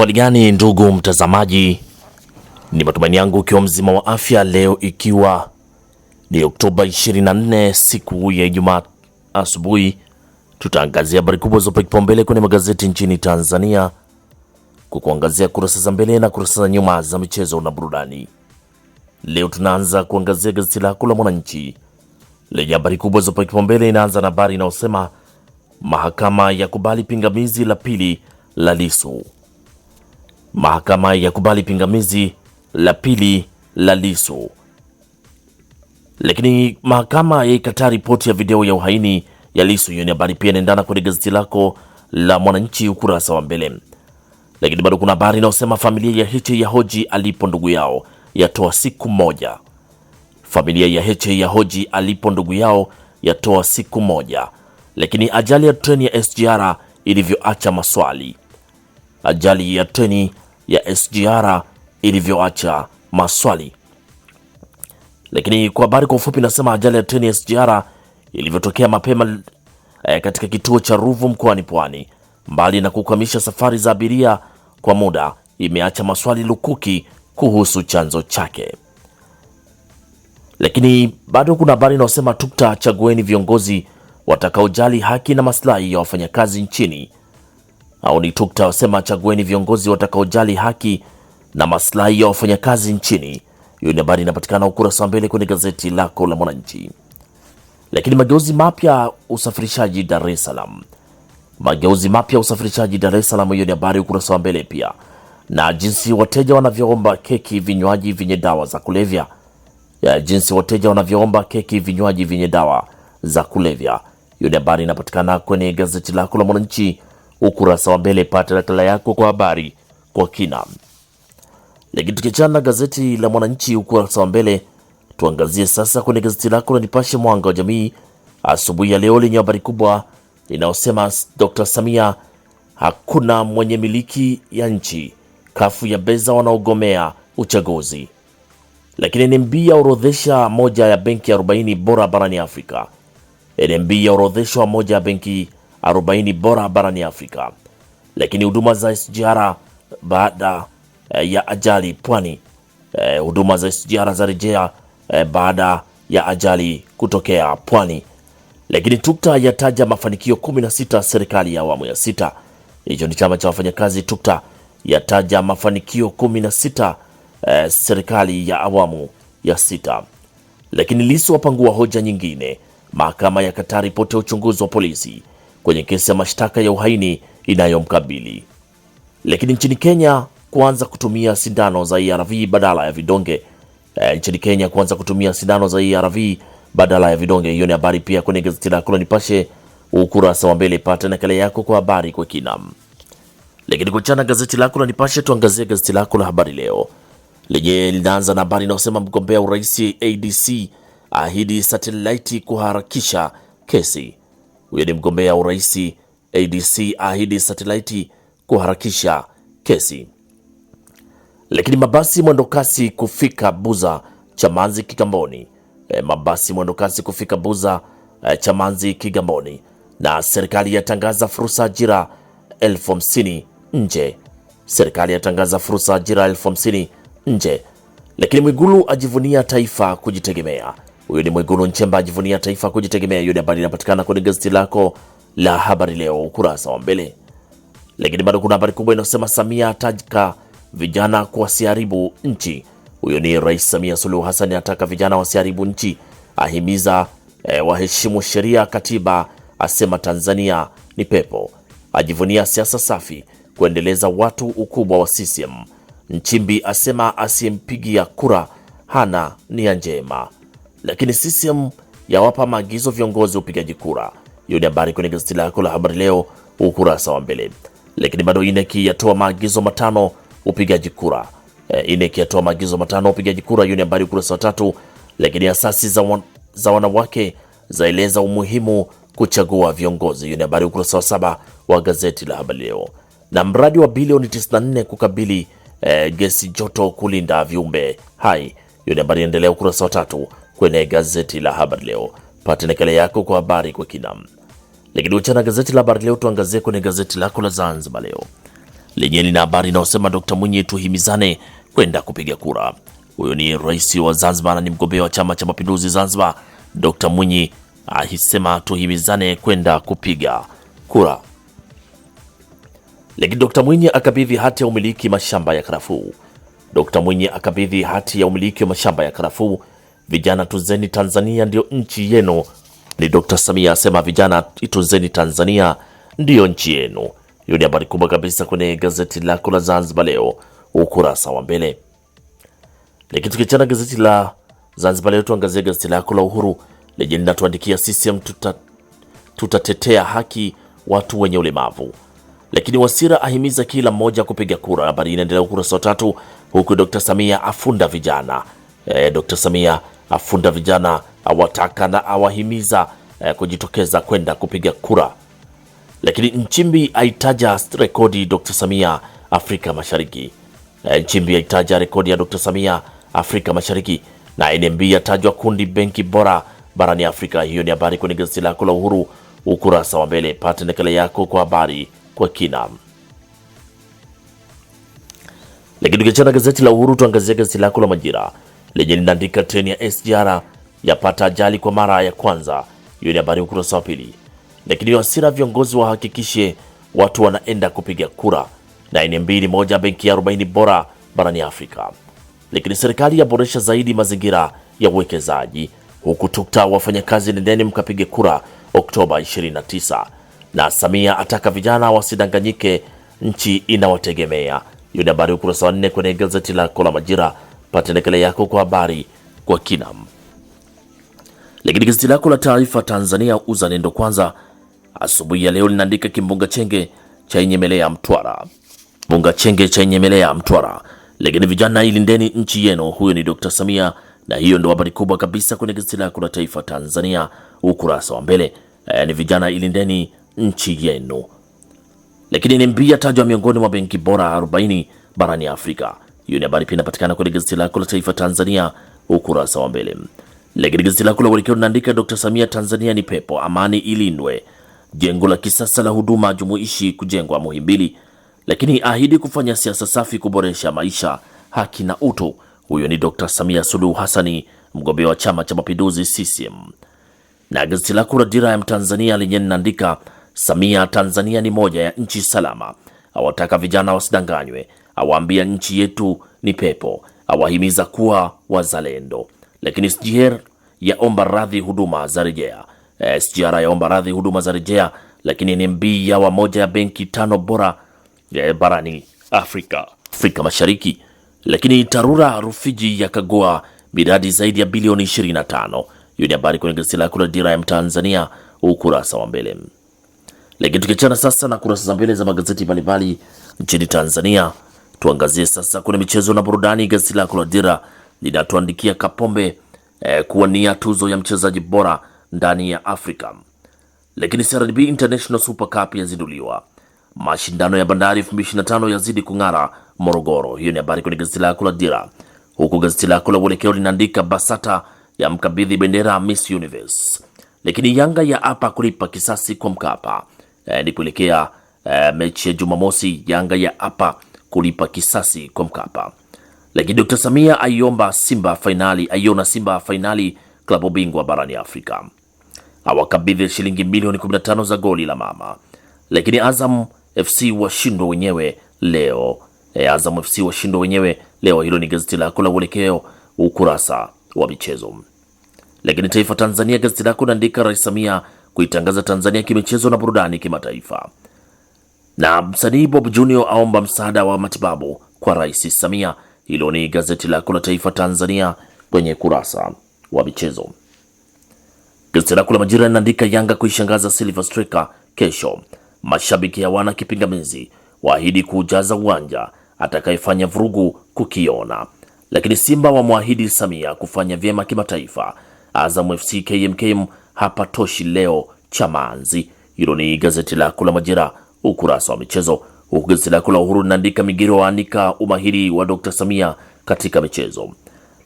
Hali gani ndugu mtazamaji, ni matumaini yangu ukiwa mzima wa afya leo, ikiwa ni Oktoba 24 siku ya Ijumaa asubuhi, tutaangazia habari kubwa zopa kipaumbele kwenye magazeti nchini Tanzania kwa kuangazia kurasa za mbele na kurasa za nyuma za michezo na burudani. Leo tunaanza kuangazia gazeti lako la Mwananchi lenye habari kubwa zopa kipaumbele. Inaanza na habari inayosema mahakama ya kubali pingamizi la pili la Lissu Mahakama ya kubali pingamizi la pili la Lissu. Lakini mahakama yaikataa ripoti ya video ya uhaini ya Lissu. Hiyo ni habari pia inaendana kwenye gazeti lako la Mwananchi ukurasa wa mbele. Lakini bado kuna habari inayosema familia ya Heche ya hoji alipo ndugu yao yatoa siku moja. Familia ya Heche ya hoji alipo ndugu yao yatoa siku moja. Lakini ajali ya treni ya SGR ilivyoacha maswali. Ajali ya treni ya SGR ilivyoacha maswali. Lakini kwa habari kwa ufupi, nasema ajali ya treni ya SGR ilivyotokea mapema eh, katika kituo cha Ruvu mkoani Pwani, mbali na kukwamisha safari za abiria kwa muda, imeacha maswali lukuki kuhusu chanzo chake. Lakini bado kuna habari inayosema tukta chagueni viongozi watakaojali haki na maslahi ya wafanyakazi nchini. Audi Tukta wasema chagueni viongozi watakaojali haki na maslahi ya wafanyakazi nchini. Hiyo ni habari inapatikana ukurasa wa mbele kwenye gazeti lako la Mwananchi. Lakini mageuzi mapya usafirishaji Dar es Salaam, mageuzi mapya usafirishaji Dar es Salaam, hiyo ni habari ukurasa wa mbele pia, na jinsi wateja wanavyoomba keki vinywaji vyenye dawa za kulevya ya jinsi wateja wanavyoomba keki vinywaji vyenye dawa za kulevya. Hiyo ni habari inapatikana kwenye gazeti lako la Mwananchi ukurasa wa mbele, pata nakala yako kwa habari kwa kina. Lakini tukichana gazeti la Mwananchi ukurasa wa mbele, tuangazie sasa kwenye gazeti lako la Nipashe Mwanga wa Jamii asubuhi ya leo lenye habari kubwa linayosema Dr. Samia hakuna mwenye miliki ya nchi, kafu ya beza wanaogomea uchaguzi. Lakini NMB yaorodhesha moja ya benki 40 bora barani Afrika. NMB yaorodheshwa moja ya benki 40 bora barani Afrika. Lakini huduma za SGR baada eh, ya ajali pwani, eh, huduma za SGR za rejea eh, baada ya ajali kutokea pwani. Lakini tukta yataja mafanikio 16 serikali ya awamu ya sita. Hicho ni chama cha wafanyakazi tukta yataja mafanikio 16 eh, serikali ya awamu ya sita. Lakini Lissu apangua hoja nyingine, mahakama yakataa ripoti ya uchunguzi wa polisi kwenye kesi ya mashtaka ya uhaini inayomkabili. Lakini nchini Kenya kuanza kutumia sindano za ARV e badala ya vidonge. E, nchini Kenya kuanza kutumia sindano za ARV e badala ya vidonge. Hiyo ni habari pia kwenye gazeti lako la Nipashe ukurasa wa mbele, pata nakala yako kwa habari kwa kina. Lakini kuchana gazeti lako la Nipashe, tuangazie gazeti lako la Habari Leo lenye linaanza na habari inayosema mgombea urais ADC ahidi satelaiti kuharakisha kesi huyo ni mgombea urais ADC ahidi satelaiti kuharakisha kesi. Lakini mabasi mwendokasi kufika Buza Chamanzi Kigamboni. E, mabasi mwendokasi kufika Buza e, Chamanzi Kigamboni. Na serikali yatangaza fursa ajira elfu hamsini nje. Serikali yatangaza fursa ajira elfu hamsini nje. Lakini Mwigulu ajivunia taifa kujitegemea. Huyu ni Mwigulu Nchemba ajivunia taifa kujitegemea. Hiyo ni habari inapatikana kwenye gazeti lako la Habari Leo ukurasa wa mbele. Lakini bado kuna habari kubwa inayosema Samia ataka vijana kuwasiharibu nchi. Huyo ni Rais Samia Suluhu Hassan ataka vijana wasiharibu nchi, ahimiza e, waheshimu sheria, katiba, asema Tanzania ni pepo, ajivunia siasa safi kuendeleza watu ukubwa wa CCM. Nchimbi asema asiyempigia kura hana nia njema lakini CCM yawapa maagizo viongozi upigaji kura. Hiyo ni habari kwenye gazeti lako la habari leo ukurasa wa mbele. Lakini bado ineki yatoa maagizo matano upigaji kura. E, ineki yatoa maagizo matano upigaji kura. Hiyo ni habari ukurasa wa tatu. Lakini asasi za, wan, za wanawake zaeleza umuhimu kuchagua viongozi. Hiyo ni habari ukurasa wa saba wa gazeti la habari leo. Na mradi wa bilioni 94 kukabili e, gesi joto kulinda viumbe hai. Hiyo ni habari inaendelea ukurasa wa tatu kwenye gazeti la habari leo. Pate nakala yako kwa habari kwa kina. Lakini uchana gazeti la habari leo, tuangazie kwenye gazeti lako la Zanzibar leo lenye lina habari inayosema Dkt Mwinyi, tuhimizane kwenda kupiga kura. Huyo ni rais wa Zanzibar na ni mgombea wa Chama cha Mapinduzi Zanzibar, Dkt Mwinyi ahisema tuhimizane kwenda kupiga kura. Lakini Dkt Mwinyi akabidhi hati ya umiliki mashamba ya karafuu. Dkt Mwinyi akabidhi hati ya umiliki wa mashamba ya karafuu vijana tunzeni Tanzania ndiyo nchi yenu. Ni Dr. Samia asema vijana itunzeni Tanzania ndiyo nchi yenu. Hiyo ni habari kubwa kabisa kwenye gazeti lako la Zanzibar Leo ukurasa wa mbele. Lakini tukichana gazeti la Zanzibar Leo, tuangazie gazeti lako la Uhuru lenye linatuandikia CCM tuta, tutatetea haki watu wenye ulemavu. Lakini Wasira ahimiza kila mmoja kupiga kura. Habari inaendelea ukurasa wa tatu, huku Dr. Samia afunda vijana. E, eh, Dr. Samia Afunda vijana awataka na awahimiza eh, kujitokeza kwenda kupiga kura. Lakini Nchimbi aitaja rekodi Dr. Samia Afrika Mashariki. Eh, Nchimbi aitaja rekodi ya Dr. Samia Afrika Mashariki na NMB yatajwa kundi benki bora barani Afrika. Hiyo ni habari kwenye gazeti lako la Uhuru ukurasa wa mbele. Pata nakala yako kwa habari kwa kina. Lakini tukiachana gazeti la Uhuru, tuangazie gazeti lako la Majira lenye linaandika treni ya SGR yapata ajali kwa mara ya kwanza. Hiyo ni habari ukurasa wa pili. Lakini Wasira, viongozi wahakikishe watu wanaenda kupiga kura. Na NMB ni moja benki ya 40 bora barani Afrika. Lakini serikali yaboresha zaidi mazingira ya uwekezaji huku tukta wafanyakazi, nendeni mkapige kura Oktoba 29. Na Samia ataka vijana wasidanganyike, nchi inawategemea. Hiyo ni habari ukurasa wa nne kwenye gazeti lako la Majira pata nakala yako kwa habari kwa kina. Lakini gazeti lako la taarifa Tanzania Uzalendo Kwanza asubuhi ya leo linaandika kimbunga chenge cha inyemelea Mtwara, kimbunga chenge cha inyemelea Mtwara. Lakini vijana, ilindeni nchi yenu, huyo ni Dr. Samia, na hiyo ndio habari kubwa kabisa kwenye gazeti lako la Taifa Tanzania ukurasa wa mbele. E, ni vijana, ilindeni nchi yenu. Lakini NMB yatajwa miongoni mwa benki bora 40 barani Afrika hiyo ni habari pia inapatikana kwenye gazeti lako la Taifa Tanzania ukurasa wa mbele. Lakini gazeti lako la Uelekeo linaandika Dr. Samia, Tanzania ni pepo, amani ilindwe, jengo la kisasa la huduma jumuishi kujengwa Muhimbili, lakini ahidi kufanya siasa safi kuboresha maisha, haki na utu. Huyo ni Dr. Samia Suluhu Hassani, mgombea wa Chama cha Mapinduzi CCM. Na gazeti lako la Dira ya Mtanzania lenyewe linaandika Samia, Tanzania ni moja ya nchi salama, awataka vijana wasidanganywe awaambia nchi yetu ni pepo, awahimiza kuwa wazalendo. Lakini SGR yaomba radhi huduma za rejea. Eh, SGR yaomba radhi huduma za rejea, lakini NMB yawa moja ya benki tano bora eh, barani Afrika, Afrika Mashariki. Lakini Tarura Rufiji yakagua miradi zaidi ya bilioni 25. Hiyo ni habari kwenye gazeti lako la Dira ya Mtanzania ukurasa wa mbele. Lakini tukiachana sasa na kurasa za mbele za magazeti mbalimbali nchini Tanzania. Tuangazie sasa kwenye michezo na burudani. Gazeti lako la Dira linatuandikia Kapombe eh, kuwania tuzo ya mchezaji bora ndani ya Afrika. Lakini CRDB International Super Cup yazinduliwa. Mashindano ya Bandari 2025 yazidi kung'ara Morogoro. Hiyo ni habari kwenye gazeti lako la Dira, huku gazeti lako la Uelekeo linaandika Basata ya mkabidhi bendera Miss Universe. Lakini Yanga ya apa kulipa kisasi kwa Mkapa. Eh, ni kuelekea eh, mechi ya Jumamosi. Yanga ya apa kulipa kisasi kwa Mkapa. Lakini Dr. Samia aiomba Simba fainali, aiona Simba fainali klabu bingwa barani Afrika, awakabidhi shilingi milioni 15 za goli la mama. Lakini Azam FC washindwa wenyewe leo e, Azam FC washindwa wenyewe leo. Hilo ni gazeti lako la Uelekeo ukurasa wa michezo. Lakini Taifa Tanzania gazeti lako naandika Rais Samia kuitangaza Tanzania kimichezo na burudani kimataifa. Na msanii Bob Junior aomba msaada wa matibabu kwa Rais Samia. Hilo ni gazeti lako la Taifa Tanzania kwenye kurasa wa michezo. Gazeti lako la Majira linaandika Yanga kuishangaza Silver Striker kesho, mashabiki hawana kipingamizi, waahidi kuujaza uwanja, atakayefanya vurugu kukiona. Lakini Simba wamwahidi Samia kufanya vyema kimataifa. Azam FC KMKM hapatoshi leo chamanzi Hilo ni gazeti lako la Majira ukurasa wa michezo, huku gazeti lako la Uhuru linaandika Migiro waanika umahiri wa Dr. Samia katika michezo,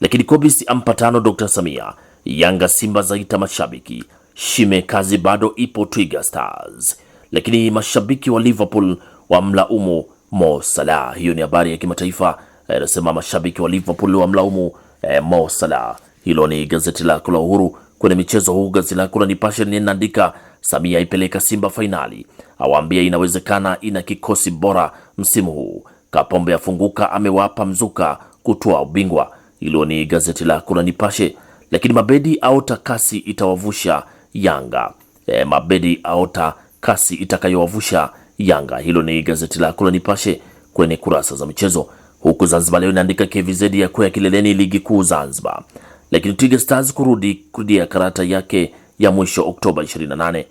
lakini Kobisi ampa tano Dr. Samia. Yanga Simba zaita mashabiki shime, kazi bado ipo Twiga Stars, lakini mashabiki wa Liverpool wamlaumu Mo Salah. Hiyo ni habari ya kimataifa eh, inasema mashabiki wa Liverpool wamlaumu eh, Mo Salah. Hilo ni gazeti lako la Uhuru kwenye michezo, huku gazeti lako la Nipashe linaandika Samia aipeleka Simba fainali, awaambia inawezekana, ina kikosi bora msimu huu. Kapombe afunguka, amewapa mzuka kutoa ubingwa. Hilo ni gazeti la kura Nipashe. Lakini Mabedi aota kasi itawavusha Yanga. E, Mabedi aota kasi itakayowavusha Yanga. Hilo ni gazeti la kura Nipashe kwenye kurasa za michezo. Huku Zanzibar leo inaandika KVZ ya kwea kileleni ligi kuu Zanzibar, lakini Twiga Stars kurudi kurudia karata yake ya mwisho Oktoba 28.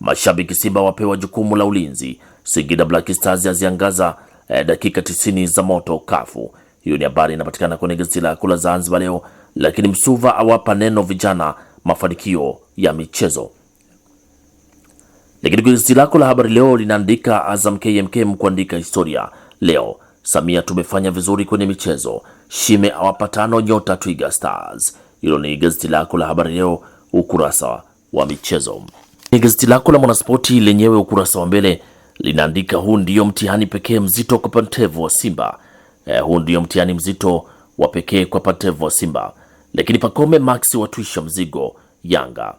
Mashabiki Simba wapewa jukumu la ulinzi. Singida Black Stars yaziangaza eh, dakika 90 za moto kafu. Hiyo ni habari inapatikana kwenye gazeti la kula Zanzibar leo, lakini Msuva awapa neno vijana mafanikio ya michezo. Lakini gazeti lako la habari leo linaandika Azam KMKM kuandika historia leo. Samia tumefanya vizuri kwenye michezo. Shime awapatano nyota Twiga Stars. Hilo ni gazeti lako la habari leo ukurasa wa michezo. Ni gazeti lako la Mwanaspoti lenyewe ukurasa wa mbele linaandika huu ndio mtihani pekee mzito kwa Pantevo wa Simba. Eh, huu ndio mtihani mzito wa pekee kwa Pantevo wa Simba, lakini Pakome Max watwisha mzigo Yanga.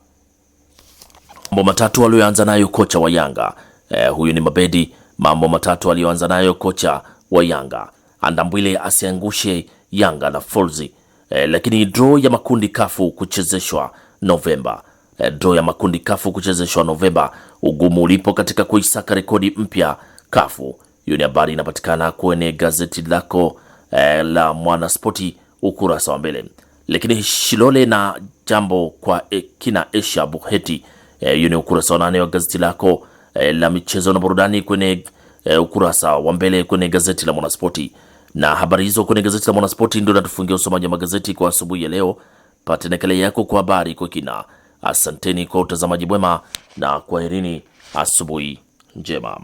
Mambo matatu aliyoanza nayo kocha wa Yanga eh, huyu ni Mabedi. Mambo matatu aliyoanza nayo kocha wa Yanga, Andambwile asiangushe Yanga na Folzi eh, lakini draw ya makundi kafu kuchezeshwa Novemba Eh, draw ya makundi kafu kuchezeshwa Novemba, ugumu ulipo katika kuisaka rekodi mpya kafu. Hiyo ni habari inapatikana kwenye gazeti lako eh, la Mwanaspoti ukurasa wa mbele. Lakini Shilole na jambo kwa eh, kina Asia Buheti, eh, hiyo eh, ni ukurasa wa nane wa gazeti lako eh, la michezo na burudani kwenye eh, ukurasa wa mbele kwenye gazeti la Mwanaspoti na habari hizo kwenye gazeti la Mwanaspoti ndio natufungia usomaji wa magazeti kwa asubuhi ya leo. Pate nakala yako kwa habari kwa kina. Asanteni kwa utazamaji mwema na kwaherini, asubuhi njema.